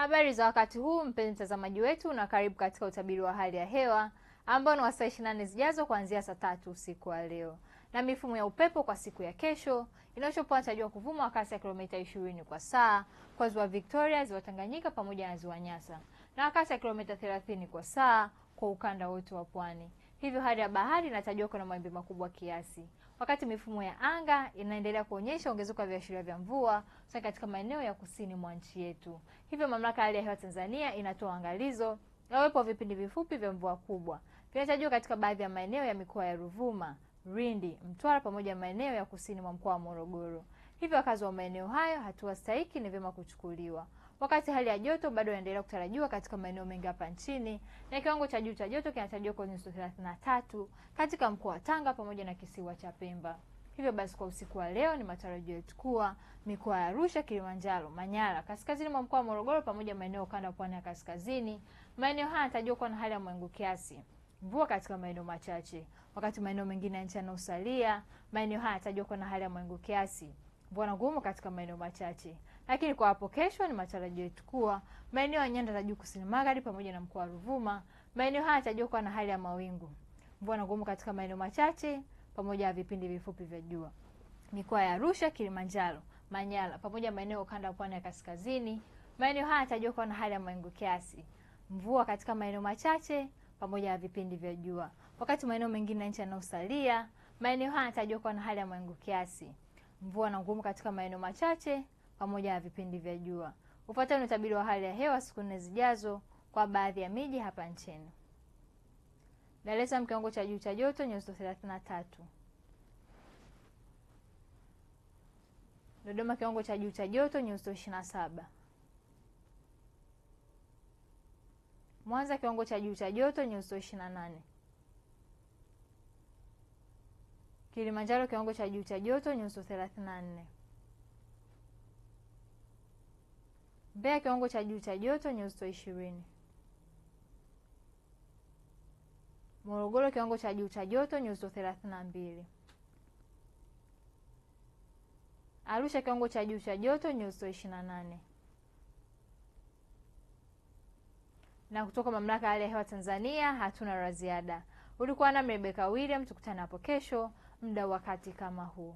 Habari za wakati huu mpenzi mtazamaji wetu, na karibu katika utabiri wa hali ya hewa ambao ni wa saa 24 zijazo kuanzia saa tatu usiku wa leo. Na mifumo ya upepo kwa siku ya kesho inatarajiwa kuvuma kwa kasi ya kilomita 20 kwa saa kwa ziwa Victoria, ziwa Tanganyika pamoja na ziwa Nyasa, na kasi ya kilomita 30 kwa saa kwa ukanda wote wa pwani. Hivyo hali ya bahari inatajwa kuwa na mawimbi makubwa kiasi wakati mifumo ya anga inaendelea kuonyesha ongezeko la viashiria vya mvua hasa katika maeneo ya kusini mwa nchi yetu. Hivyo Mamlaka ya Hali ya Hewa Tanzania inatoa angalizo la uwepo wa vipindi vifupi vya mvua kubwa vinatarajiwa katika baadhi ya maeneo ya mikoa ya Ruvuma, Lindi, Mtwara pamoja na maeneo ya kusini mwa mkoa wa Morogoro. Hivyo wakazi wa maeneo hayo, hatua stahiki ni vyema kuchukuliwa wakati hali ya joto bado inaendelea kutarajiwa katika maeneo mengi hapa nchini na kiwango cha juu cha joto kinatarajiwa kwa nyuzi thelathini na tatu katika mkoa wa Tanga pamoja na kisiwa cha Pemba. Hivyo basi kwa usiku wa leo ni matarajio yetu kuwa mikoa ya Arusha, Kilimanjaro, Manyara, kaskazini mwa mkoa wa Morogoro pamoja maeneo kanda ya pwani ya kaskazini, maeneo haya yanatarajiwa kuwa na hali ya mawingu kiasi, mvua katika maeneo machache, wakati maeneo mengine ya nchi yanayosalia, maeneo haya yanatarajiwa kuwa na hali ya mawingu kiasi mvua ngumu katika maeneo machache, lakini kwa hapo kesho ni matarajio yetu kuwa maeneo ya nyanda za juu kusini magharibi pamoja na mkoa wa Ruvuma, maeneo haya yatajua kuwa na hali ya mawingu, mvua ngumu katika maeneo machache pamoja na vipindi vifupi vya jua. Mikoa ya Arusha, Kilimanjaro, Manyara pamoja maeneo ya ukanda wa pwani ya kaskazini, maeneo haya yatajua kuwa na hali ya mawingu kiasi, mvua katika maeneo machache pamoja na vipindi vya jua, wakati maeneo mengine ya nchi yanayosalia, maeneo haya yatajua kuwa na hali ya mawingu kiasi mvua na ngumu katika maeneo machache pamoja na vipindi vya jua. Ufuatao ni utabiri wa hali ya hewa siku nne zijazo kwa baadhi ya miji hapa nchini. Dar es Salaam kiwango cha juu cha joto nyuzi joto thelathini na tatu. Dodoma kiwango cha juu cha joto nyuzi joto ishirini na saba. Mwanza kiwango cha juu cha joto nyuzi joto ishirini na nane. Kilimanjaro kiwango cha juu cha joto nyuzi 34. nne. Mbeya kiwango cha juu cha joto nyuzi ishirini. Morogoro kiwango cha juu cha joto nyuzi 32. mbili. Arusha kiwango cha juu cha joto nyuzi 28 na nane. Na kutoka Mamlaka ya Hali ya Hewa Tanzania hatuna la ziada. Ulikuwa nami Rebecca William, tukutane hapo kesho muda wakati kama huu.